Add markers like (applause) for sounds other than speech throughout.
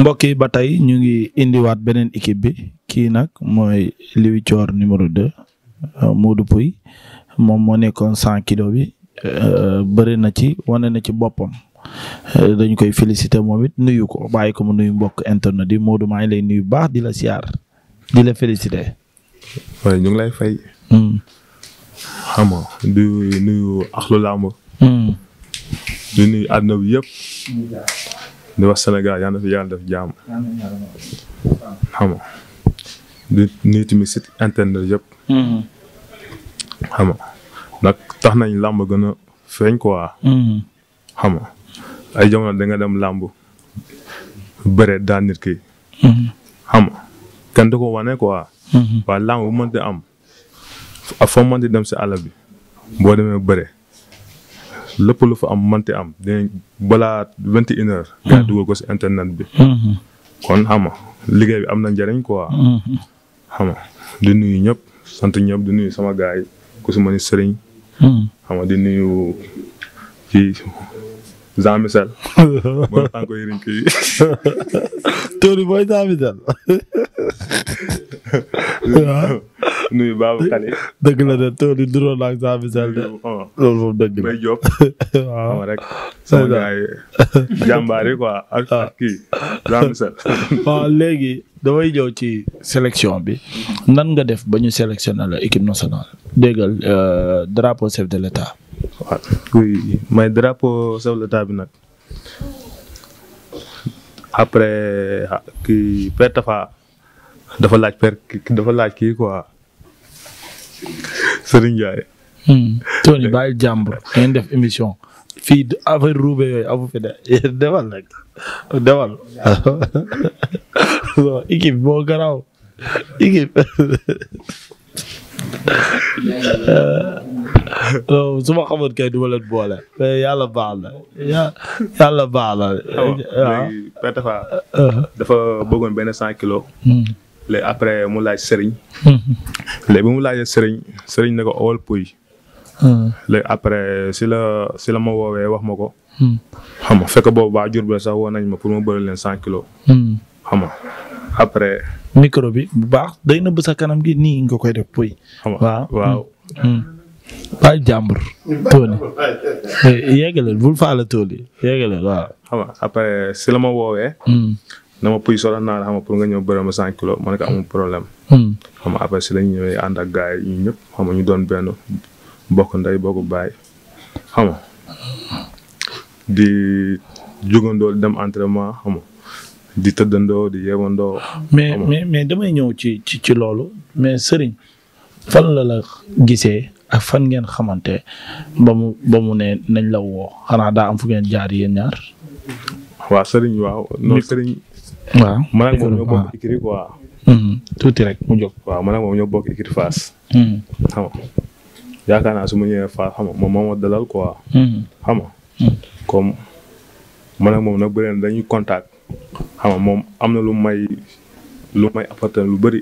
mbokk yi ba tey ñu ngi indiwaat beneen équipe bi kii nag mooy Liwi Thior numéro de euh, Modou Pouy moom moo nekkoon 100 kilo bi euh, bëri na ci wane na ci boppam euh, dañ koy féliciter moom it nuyu ko bàyyi kom nuyu mbokk internet yi Modou maa ngi lay nuyu baax di la siyaar di la féliciter. waaye ñu ngi lay fay. Hmm. xam nga di nuyu axlu làmb. Hmm. di nuyu àdduna bi yëpp. di wax Sénégal yal na fi yàlla def jàmm. xam nga di nuyu mm-hmm. nag tax nañ làmb gën a feeñ quoi. Mm-hmm. xam ay jamono da nga dem làmb bëre daan nit ki. Mm-hmm. xam nga kenn du ko wane quoi. waaye làmb bu mënti am. ak foo mënti dem si àll bi boo demee bëre. lépp lu fa am manti am balaat balaa vingt et une yi hmm. dugal ko si internet bi. Hmm. kon xam liggéey bi am na njariñ quoi. Hmm. xam di nuyu ñëpp sant ñëpp di nuyu sama gars yi ku si mën sëriñ. xam di nuyu kii Jean Michel. (laughs) mooy tànk yëriñ kii. Tony mooy (laughs) (laughs) nuyu Babou Kane. dëgg la de tool yi duroon ak saa bisal de. loolu moom (laughs) ak ah. ak kii (laughs) waaw léegi damay ñëw ci sélection bi nan nga def ba ñu sélectionné la équipe nationale déggal euh, drapeau chef de l'état. waaw may drapeau chef de bi nag. après ah, kii Père Tafa dafa laaj kii quoi Serigne Ndiaye. Hmm. Tony bàyyi jàmbur ngeen def émission fii affaire ruube yooyu amu fi de (laughs) demal rek demal (laughs) équipe moo garaaw équipe. (laughs) su ma xamoon kay du ma leen boole. yàlla baax na yàlla baax na. waaw ah, léegi uh-huh. dafa bëggoon benn cent kilos. Hmm. léegi après mu laaj sëriñ. Mm-hmm. léegi bi mu laajee sëriñ sëriñ ne ko owal puy. Mm-hmm. léegi après si la si la ma woowee wax ma ko. Mm-hmm. xam nga fekk boobu waa Diourbel sax woo nañ ma pour ma bëri leen cent kilos. xam nga bi bu baax day nëbb sa kanam gi nii nga koy def puy. xam nga waaw bàyyi jàmbur. (laughs) Eh, waaw. après si la ma woowee. na ma puy soxla naa la xam nga pour nga ñëw bërëma cinq kilos ma ne ko amul problème. Hmm. xam nga après si la ànd ak gars yi ñëpp xam nga ñu doon benn bokk ndey bokk baay xam nga di jugandoo dem entraînement xam nga di tëddandoo di yeewandoo. mais mais mais damay ñëw ci ci ci loolu mais sëriñ fan la la gisee ak fan ngeen xamante ba mu ne nañ la woo xanaa daa am fu ngeen jaar yéen ñaar. waaw Serigne waaw. non Serigne waaw man ak mm-hmm. moom ñoo bokk écurie quoi. tuuti rek mu jox waaw man ak moom ñoo bokk écurie Fass. Mm-hmm. xam nga yaakaar naa su ma ñëwee Fass xam nga moom moo ma mm-hmm. xam nga comme moom nag bëri na dañuy contact xam nga moom am na lu may lu may apporté lu bari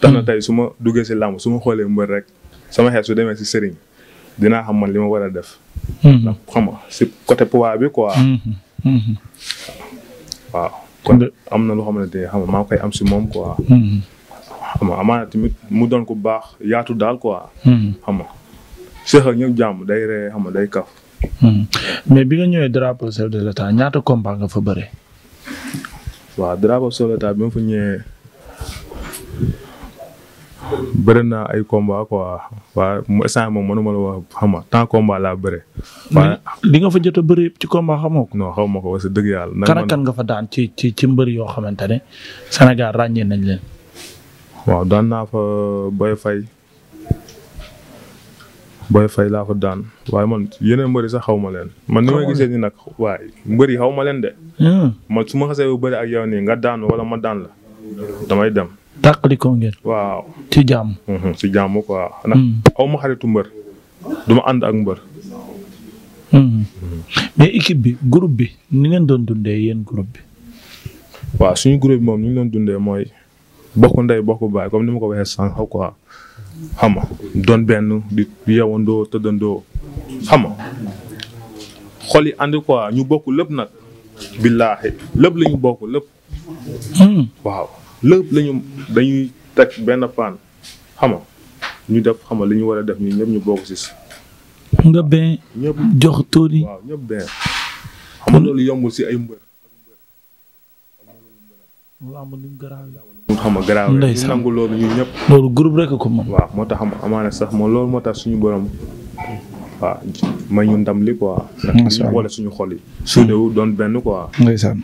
tax na tey su ma duggee si làmb su ma xoolee mbër rek sama xel su demee si sëriñ dinaa xam man li ma war a def. ndax xam nga si côté poids bi quoi. waaw. kon am na loo xamante ne xam nga maa koy am si moom quoi. Hmm. xam nga amaana tamit mu doon ku baax yaatu daal quoi. Hmm. xam nga seex ak ñëw jàmm day ree xam day kaf. Hmm. mais bi nga ñëwee drapeau chef de ta ñaata combat nga fa bëre. waaw drapeau ta de fa ñëwee. bëri naa ay combat quoi waaye mu moom mënuma la wax xam nga tant combat laa bëre. li nga fa jot a bëri ci combat xamoo no xaw ma ko wax dëgg yàlla. kan nga fa daan ci ci ci mbër yoo xamante ne Sénégal ràññee nañ leen. waaw daan naa fa Boy fay Boy fay laa fa daan waaye man yeneen mbëri sax xaw ma leen. man ni ma gisee ni nag waaye mbëri xaw ma leen de. Hmm. man su ma xasee bu ak yow nii nga daan wala ma daan la damay dem. tàqalikoo ngeen. waaw ci jàmm. Mhm, ci jàmm quoi. ndax mhm. aw ma xaritu mbër duma ma ànd ak mbër. Mhm. mais équipe bi groupe bi ni ngeen doon dundee yéen groupe bi. waaw suñu group bi moom ni ñu doon dundee mooy bokk ndey bokk baay comme ni ma ko waxee sànq quoi xam nga doon benn di yeewandoo tëddandoo xam nga xol yi ànd quoi ñu bokk lépp nag billaahi lépp la ñu bokk lépp. waaw. lépp lañu dañuy teg benn paan xama ñu def xama li ñu war a def ñun ñëpp ñu bokk si. nga benn ñëpp jox tóori. waaw ñëpp loolu yombul si ay mbër. lamb xam nga garaaw ñu nangu loolu ñu ñëpp. loolu groupe rek ko moom. moo tax amaana sax moom loolu moo tax suñu borom. waaw ñu ndam li quoi. ndax ñu suñu xol yi. su doon benn quoi. ndeysaan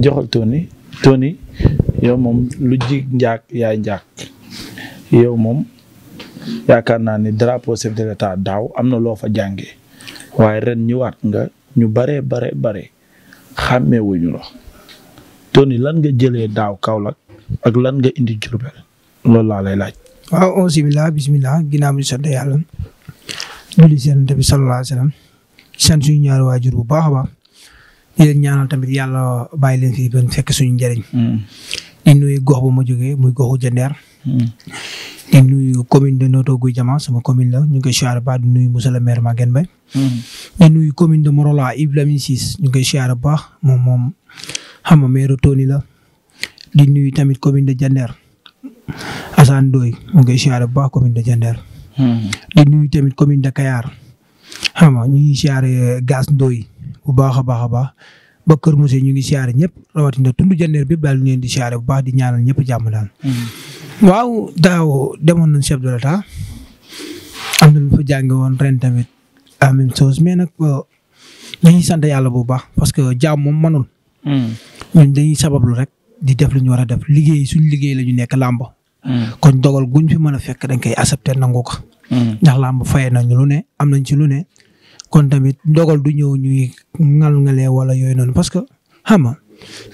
joxal tóoni tóoni yow moom lu jig njaag yaay njaag yow moom yaakaar naa ni drapeau chef de daaw am na loo fa jànge waaye ren ñëwaat nga ñu baree bare bare xàmmeewuñu la Tony lan nga jëlee daaw Kaolack ak lan nga indi Jurbel loolu laa lay laaj. waaw on bisimilah bisimilah ginnaaw yàlla julli seen nabi sallallahu alayhi wa suñu ñaari waajur bu baax a baax di leen ñaanal tamit yàlla bàyyi fi fekk suñu njëriñ. Mm. di nuyu gox bu ma jógee muy goxu Jandeer. Hmm. di nuyu commune de Notto guy Diama sama commune la ñu ngi koy siyaare baax di nuyu monsieur le maire Maguette hmm. di nuyu commune de Morola Ibrahima Ciss ñu ngi koy siyaare baax moom moom xam nga la. di nuyu tamit commune de Jandeer Assane Ndoye ñu ngi koy siyaare baax commune de Jandeer. Hmm. di nuyu tamit commune de Kayar xam ñu ngi siyaare Gass Ndoye baax a baax a ba Kër Mousse ñu ngi siyaare ñëpp rawatina tund jandeer bi daal ñu leen di siyaare bu baax di ñaanal ñëpp jàmm daal. Hmm. waaw daaw demoon nañ chef de l'état am na lu fa jànge woon ren tamit la même chose mais nag euh, dañuy sant yàlla bu baax parce que jaam moom manul hmm. ñun dañuy sabablu rek di def lu ñu war a def liggéey suñu liggéey la ñu nekk làmb. Hmm. kon dogal guñ fi mën a fekk dañ koy accepter nangu ko. ndax làmb na nañu ne am nañ ci lu ne kon tamit dogal du ñëw ñuy ngal ngalee wala yooyu noonu parce que xam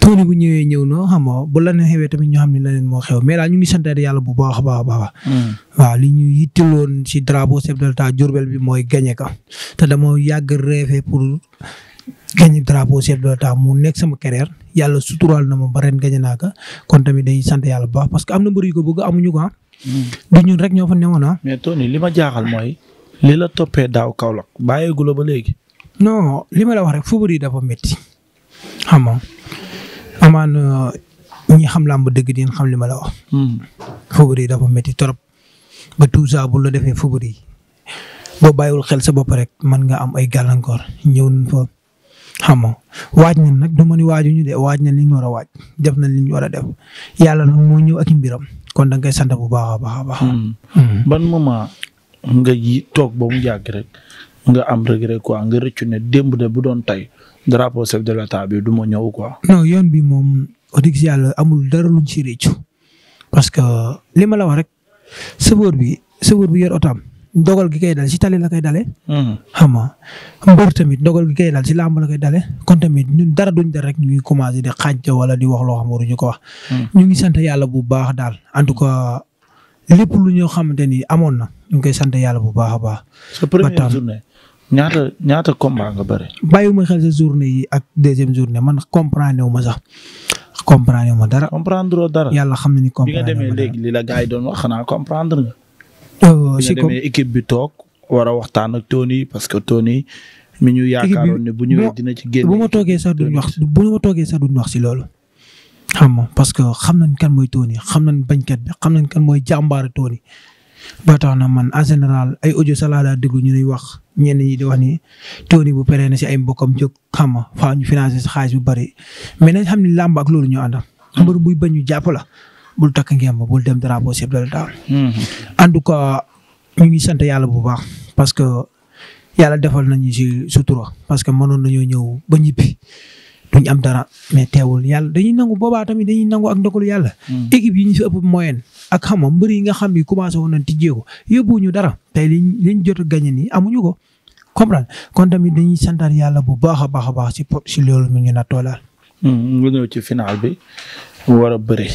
nga bu ñëwee ñëw na xam nga bu la ne xewee tamit ñu xam ne moo xew mais daal ñu ngi santaat yàlla bu baax a baax a baax. Hmm. waaw li ñu yitteloon ci drapeau chef de l'État Diourbel bi mooy gagné ka te dama yàgg rêvé pour gagné drapeau chef de l'État mu nekk sama carrière yàlla suturaal na ma ba ren naa ka kon tamit day sant baax parce que am na mbir yu ko bëgg amuñu ko ah. Hmm. du ñun rek ñoo fa newoon ah. li la toppee daaw Kaolack bàyyeegu la ba léegi. noo li ma la wax rek football yi dafa metti xam nga amaan ñi xam làmb dëgg di xam li ma la wax. Hmm. football yi dafa métti trop ba tout ça bu la defee football yi boo bàyyiwul xel sa bopp rek man nga am ay gàllankoor ñëw nañ fa xam nga waaj nañ nag du ma ni waaju ñu de waaj nañ li ñu war a waaj def nañ li ñu war a def yàlla nag moo ñëw ak i kon da ngay sant bu baax a baax a baax. Hmm. Hmm. ban nga yi toog ba mu yàgg nga am regret quoi nga rëccu ne démb de bu doon tey drapeau chef de l'état bi du ma ñëw quoi. non yoon bi moom wax dëgg yàlla amul dara luñ ci rëccu parce que li ma la wax rek sëfër bi sëfër bi yor otaam ndogal gi koy dal si tali la koy dalee. Hmm. xam nga mbër tamit ndogal gi koy dal si làmb la koy dalee kon tamit ñun dara duñ dal rek ñu ngi commencé di xàjj wala di wax loo xam waruñu ko wax. Hmm. ñu ngi sant yàlla bu baax daal en tout lépp lu ñoo xamante ni amoon na ñu ngi koy sant yàlla bu baax a baax. sa première journée ñaata ñaata combat nga bëri. bàyyiwuma xel sa journée yi ak deuxième journée man comprendre wu ma sax comprendre wu ma dara. comprendre dara yàlla xam na ni comprendre bi nga demee léegi li la gars yi doon wax xanaa comprendre nga. si euh, ko bi nga demee équipe bi toog war a waxtaan ak Tony parce que Tony. mi ñu yaakaaroon ne bu ñëwee dina ci génn. bu ma toogee sax duñ wax bu ma toogee sax duñ wax si loolu. xam nga parce que xam nañ kan mooy Tony xam nañ bañkat bi xam nañ kan mooy jàmbaare Tony ba tax na man a général ay audio sax laa daa déglu ñu ñuy wax ñenn ñi di wax ni Tony bu peree na si ay mbokkam jóg xam nga faa ñu financé si xaalis bu bari mais nañ xam ni làmb ak loolu ñu ànd mbër buy bañ ñu jàpp la bul takk ngemb bul dem drapeau si dal daal. en tout cas ñu ngi sant yàlla bu baax parce que yàlla defal nañu si sutura parce que mënoon nañoo ñëw ba ñibbi. duñ am dara mais teewul yàlla dañuy nangu boobaa tamit dañuy nangu ak ndogalu yàlla. Hmm. équipe yi ñu fi ëpp moyenne ak xam nga mbër yi nga xam ni commencé woon nañ tijjee ko yóbbuwuñu dara tey liñ liñ jot a gagné nii amuñu ko. comprendre kon tamit dañuy santar yàlla bu baax a baax a baax si si loolu mi ñu na toolaal. Hmm, nga ñëw ci final bi war a bëri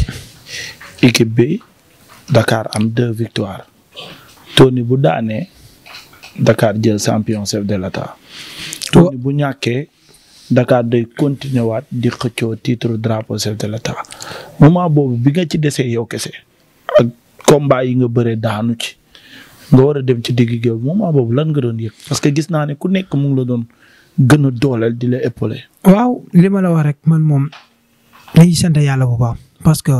équipe bi Dakar am deux victoires Tony bu daanee Dakar jël champion chef de l'État. Tony bu ñàkkee Dakar day continuer waat di xëccoo titre drapeau chef de boobu bi nga ci desee yow kese ak yi nga bëree daanu ci nga war a dem ci digg géew moment boobu lan nga doon yëpp parce que gis naa ne ku nekk mu ngi la doon gën a dooleel di la épauler. waaw li ma la wax rek man moom dañuy sant yàlla bu baax parce que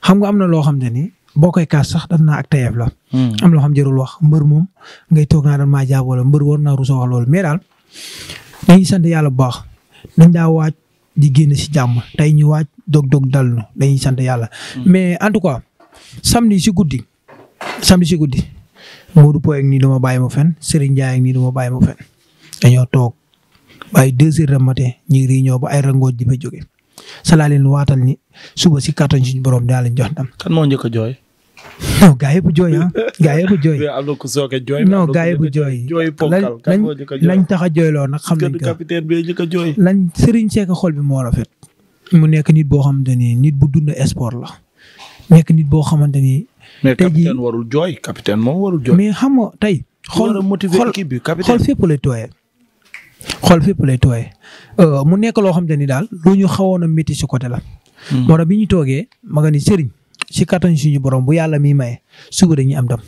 xam nga am na loo xam ne ni boo koy kaas sax daf naa ak tayeef la. Hmm. am loo xam jarul wax mbër moom ngay toog naa daan maa jaab wala mbër war naa rusa wax loolu daal dañuy sant yàlla bu baax. dañ daa waaj di génn si jàmm tey ñi waaj dog-dog dal na dañuy sant yàlla. Hmm. mais en tout cas samedi si guddi samedi si guddi Modou Poy ak nii dama bàyyi ma fen Serigne Ndiaye ak nii dama bàyyi ma fen dañoo toog bàyyi deux heures de matin ñu réunion ba ay rangooj di fa jóge salaa leen waatal ni suba si kattan suñu borom daal leen jox ndam. kan moo njëkk a jooy. (laughs) non gaa yëpp jooy ah gaa yëpp jooy. (laughs) am na ku soog a jooy. non gaa yëpp jooy. lañ lañ tax a jooyloo nag xam nañ ko capitaine bi ñu jooy. lañ Serigne Seck xol bi moo rafet. mu nekk nit boo xamante ni nit bu dund sport la. nekk nit boo xamante ni. mais capitaine warul jooy capitaine moom warul jooy. xam nga tey. xool xool fépp lay tooyee. xool fépp lay tooyee. Euh, mu nekk loo xam xamante ni daal lu ñu xawoon a métti si côté la. Hmm. moo tax bi ñu toogee ma nga ci kattan suñu borom bu yàlla mii maye suba dañuy am ndam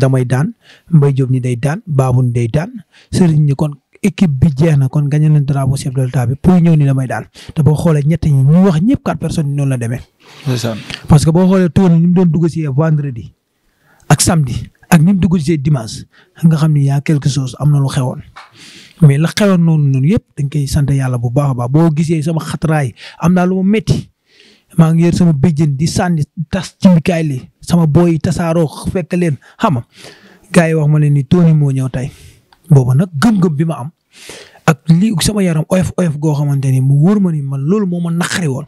damay daan Mbaye Diop ñi day daan baabu day daan sëriñ ni kon équipe bi jeex na kon gagné nañ drapeau chef de l'État bi pour ñëw ni damay xoolee ñett ñi ñu wax ñëpp quatre personnes yi noonu la demee. parce que boo xoolee tool ni mu doon dugg si vendredi ak samedi ak ni dugg si dimanche nga xam ni yaa quelque chose am na lu xewoon. mais la xewoon noonu noonu yëpp dañ koy sant yàlla bu baax a baax boo gisee sama xatraay am naa lu ma métti maa ngi yor sama béjjën di sànni tas ci mbikaay li sama booy yi tasaaroo fekk leen xam nga yi wax ma leen ni Tony moo ñëw tey boobu nag gëm-gëm bi ma am ak lii sama yaram oyof oyof goo xamante ni mu wóor ma ni man loolu moo ma naqari woon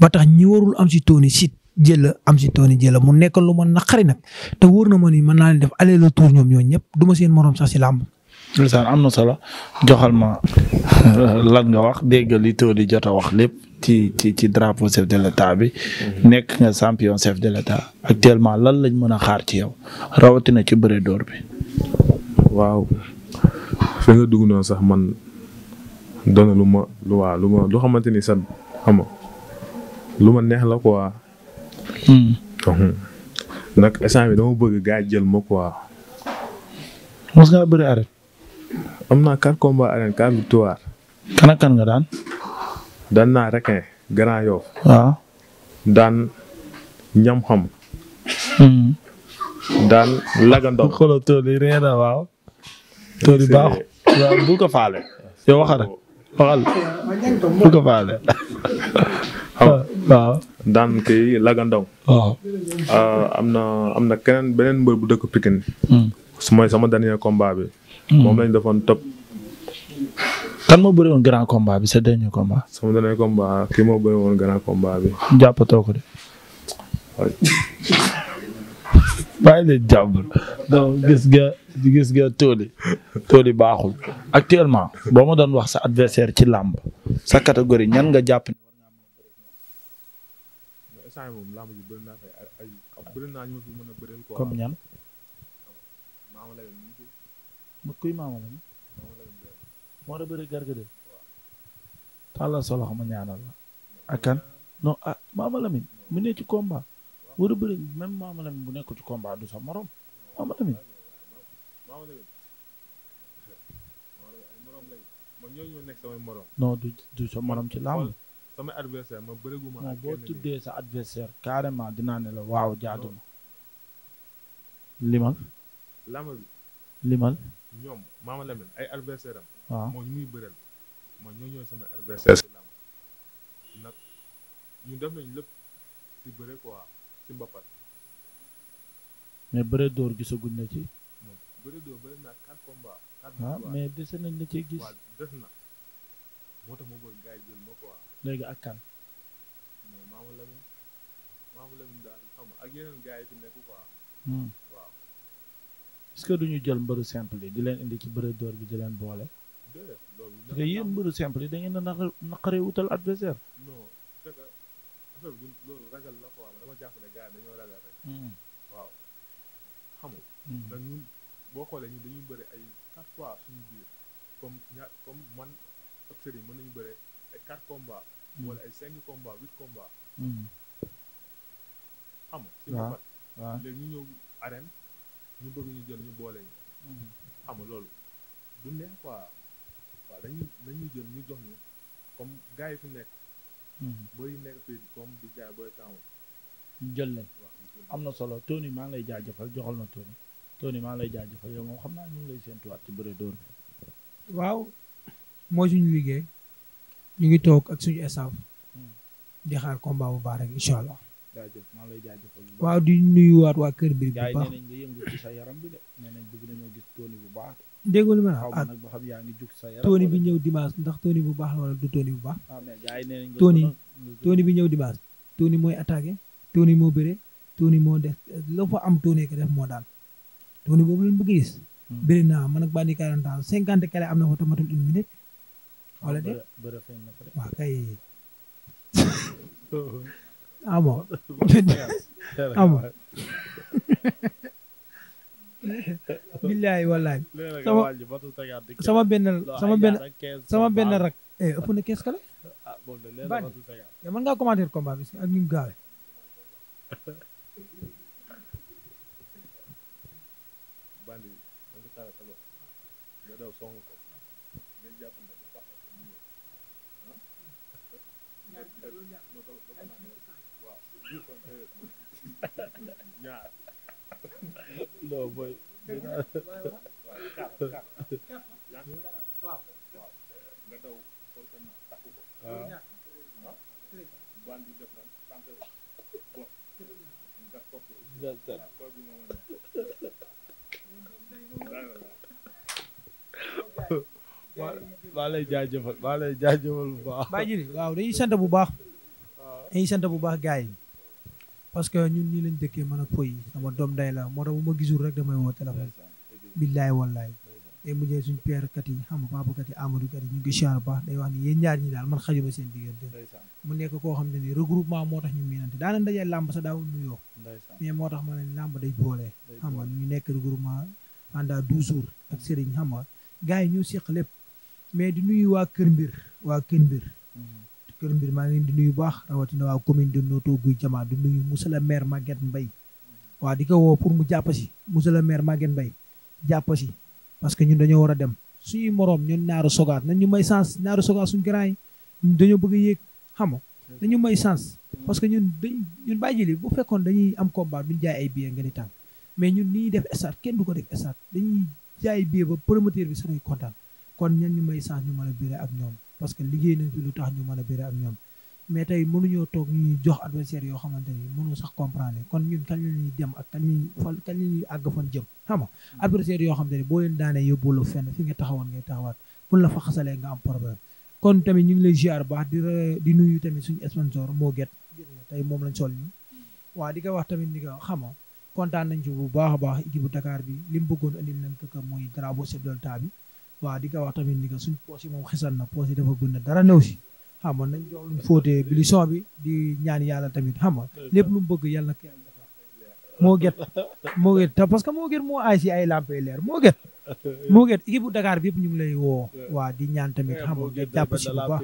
ba tax ñi warul am si Tony sit jëla am si Tony jëla mu nekk lu ma naqari nag te wóor na ma ni mën naa def def aller retour ñoom ñooñu ñëpp du seen morom sax si làmb ndeysaan am na solo joxal ma (laughs) lan nga wax dégg li taw di jot a wax lépp ci ci ci drapeau chef de l'état bi. Mhm. nekk nga champion chef de l'état actuellement lan lañ mën a xaar ci yow rawatina ci bëre door bi. waaw fi nga dugg noonu sax man doon lu ma lu waa lu ma lu xamante ni sax xam lu ma neex la quoi. Hmm. Mhm. nag instant bi dama bëgg gaa jël ma quoi. mos ngaa bëri arrêt. am na quatre combats arène quatre victoire. kan nga daan. daan naa Requin Grand Yoff. waaw daan ñam xam. Hmm. daan lagandoo. xoolal tool yi réer na waaw. tool yi baaxul. waaw faale. yow waxal bu ko faale. daan kii lagandoo. Ah, am na am keneen beneen mbër bu dëkk Pikine. su hmm. sama dernier combat bi. Hmm. moom lañ defoon top. kan moo bëri woon grand combat bi sa dernier combat. sama dernier combat kii moo bëri woon grand combat bi. jàppatoo ko de. (laughs) bàyyi leen jàmbur donc gis nga gis nga yi baaxul actuellement boo ma doon wax sa adversaire ci làmb sa catégorie ñan nga jàpp. comme ñan. ma kuy maama lañu moo war a bëri garga de tàllal ñaanal la ak kan non ah maama ne ci komba war a bëri même maama Lamine bu nekkul ci combat du sa morom maama Lamine non du du morom ci làmb sama boo tuddee sa adversaire carrément dinaa ne la waaw jaaduma limal limal ñoom Mama Lamine ay adversaire am. waaw moo ñu muy bëreel man ñoo ñooy sama adversaire si làmb nag ñu def nañ lépp si bëre quoi si mbapat mais bëre door gisaguñ na ci. bëre door bëre naa quatre combats. quatre ah, mais dese nañ la cee gis. waaw des na moo tax ma bëgg gars yi jël ma quoi. léegi ak kan. mais Mama Lamine Mama Lamine daal xam nga ak yeneen gars yi fi nekk quoi. Hmm. est-ce que duñu jël mbëru simple yi di leen indi ci bëre door bi di leen boole. parce que yéen mbëru simple yi da ngeen na naqaree wutal adversaire. non c'est que affaire bi loolu ragal la ko dama jàpp ne dañoo ragal rek. Mm-hmm. waaw xam nga. Mm-hmm. ñun boo xoolee ñu dañuy bëri ay quatre fois suñu biir comme ña comme man ak Serigne mën nañu bëri ay quatre combats. Mm-hmm. wala ay cinq combats huit combats. xam nga. waaw ñëw arène. ñu bëgg ñu jël ñu boole ñu. Mm-hmm. xam loolu du ko quoi waaw dañuy dañuy jël ñu jox ñu comme gars yi fi nekk. Mm-hmm. bëri nekk fii comme di jaay booy taamu. ñu jël leen am na solo Tony maa ngi lay jaajëfal joxal na Tony Tony maa ngi lay jaajëfal yow moo xam naa ñu ngi lay séentuwaat ci bëre dóor bi. waaw mooy suñu liggéey ñu ngi toog ak suñu staff. Mm. di xaar combat bu baax rek incha jaajëf maa lay jaajëfal waaw di nuyuwaat waa kër biir bu baax nee nañ nga yëngu ci sa yaram bi de nee nañ bëgg bu baax déggoo li ma la wax nag ba xam yaa tooni bi ñëw dimanche ndax tooni bu baax la wala du tooni bu baax tooni ah, tooni bi ñëw dimanche tooni mooy attaqué tooni moo bëre tooni moo def la fa am tooni ko def moo daan tooni boobu lañ bëgg gis hmm. bëri naa man ak bandi quarante ans cinquante kale am na fa tamatul une minute ah, wala de waaw kay (laughs) Ama. (laughs) ama. (laughs) billaay wallaay. sama sama benn sama benn sama benn rak. Eh, ëpp na kees kale. Badi. mën ngaa commenter combat bi ak ni mu (laughs) non booy. maa lay jaajëfal maa lay jaajëfal bu baax. bàyyi waaw dañuy sant bu baax. Ah. dañuy sant bu baax gars parce que ñun nii lañ dëkkee man ak foy sama doom day la moo tax bu ma gisul woo téléphone billaay wallaay day mujjee suñ père kat yi xam nga papa kat yi amadou kat baax day wax ni yéen ñaar ñi daal man xajuma seen diggante mu nekk koo xam ne ni regroupement moo tax ñu miinante daanañ dajee làmb sa daaw nuyoo mais moo tax ma ne làmb day boole xam nga ñu nekk regroupement pendant douze jours ak sëriñ xam nga gars yi ñu seq lépp mais di nuyu waa kër mbir waa kër mbir mhm. kër mbir maa ngi leen di nuyu baax rawatina waa commune de Notto Gouye Diama di nuyu monsieur le maire Maguette Mbaye waa di ko woo pour mu jàpp si monsieur le maire Maguette Mbaye jàpp si parce que ñun dañoo war a dem suñuy moroom ñun naaru sogaat nañ ñu may chance naaru sogaat suñu garaay ñun dañoo bëgg a xam nga nañu may chance parce que ñun dañ ñun bàyyi jëli bu fekkoon dañuy am combat duñ jaay ay billets nga ni tànk mais ñun ni ñuy def stade kenn du ko def stade dañuy jaay billet ba promoteur bi sax kontaan kon ñan ñu may chance ñu mën a biree ak ñoom parce que liggéey nañ fi lu tax ñu man a bëre ak ñoom mais tey mënuñoo toog ñuy jox adversaire yoo xamante ni mënu sax comprendre kon ñun kañ la ñuy dem ak kañ la ñuy fan kañ la ñuy àgg fan jëm xam nga mm-hmm. adversaire yoo xamante ni boo leen daanee yóbbuwul fenn fi nga taxawoon ngay taxawaat buñ la fa xasalee nga am problème kon tamit ñu ngi lay ziar baax di di nuyu tamit suñu sponsor moo get tey moom lañ sol nii mm-hmm. waa di ko wax tamit ni ko xam kontaan nañ ci bu baax a baax équipe bu Dakar bi li mu bëggoon andil nañ ko mooy drapeau chef de bi waaw di ko tamit ni que suñ poos yi moom xisan na poos yi dafa bënn dara néew si xam nga nañ jox luñ fóotee bilisson bi di ñaan yàlla tamit xam nga lépp lu mu bëgg yàlla ko moo get moo get te que moo get moo aay si leer moo get (laughs) moo bu Dakar bi yëpp ñu ngi lay woo waa di ñaan tamit eh, xam nga jàpp si bu baax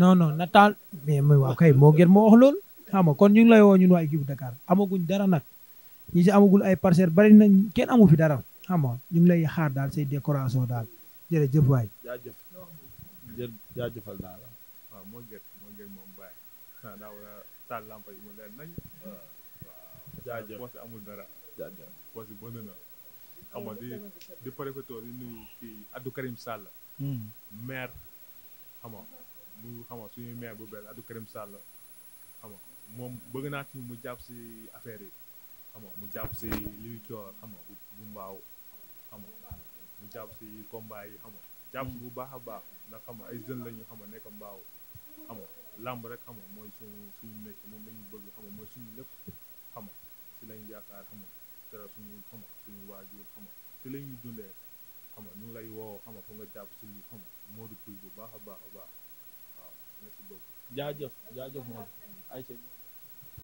non non na taal mais mooy wax kay moo get moo wax loolu xam nga kon ñu ngi lay woo ñun waa équipe bu Dakar amaguñ dara nag ñi si amagul ay parcelle bari nañ kenn amu fi dara xam nga ñu ngi lay xaar daal say décoration daal jërëjëf waay. jaajëf jë jaajëfal daal waaw moo gën moo gën moom bàyyi ah daa war a taal lampa yi mu leer nañ. waaw jaajëf poche amul dara. jaajëf poche bënd na xam nga di di di nuyu kii Abdou Karim Sall. Hmm. maire xam nga mu xam nga suñu maire bu bees Abdou Karim Sall xam moom bëgg naa ci mu jàpp si affaire yi xam mu jàpp si li coor bu mbaaw. xam nga ñu jàpp si combat yi xam nga jàpp bu baax a baax na xam nga ay jeunes la ñu xam nekk mbaaw xam làmb rek xam mooy suñu suñu moom la ñu bëgg xam nga mooy suñu lépp xam nga si lañ yaakaar xam nga dara suñu xam nga suñu waajur xam nga si la ñuy dundee xam nga ñu ngi lay woo xam nga fu nga jàpp si lu xam nga Modou Pouye bu baax a baax a baax waaw merci beaucoup jaajëf jaajëf Modou ay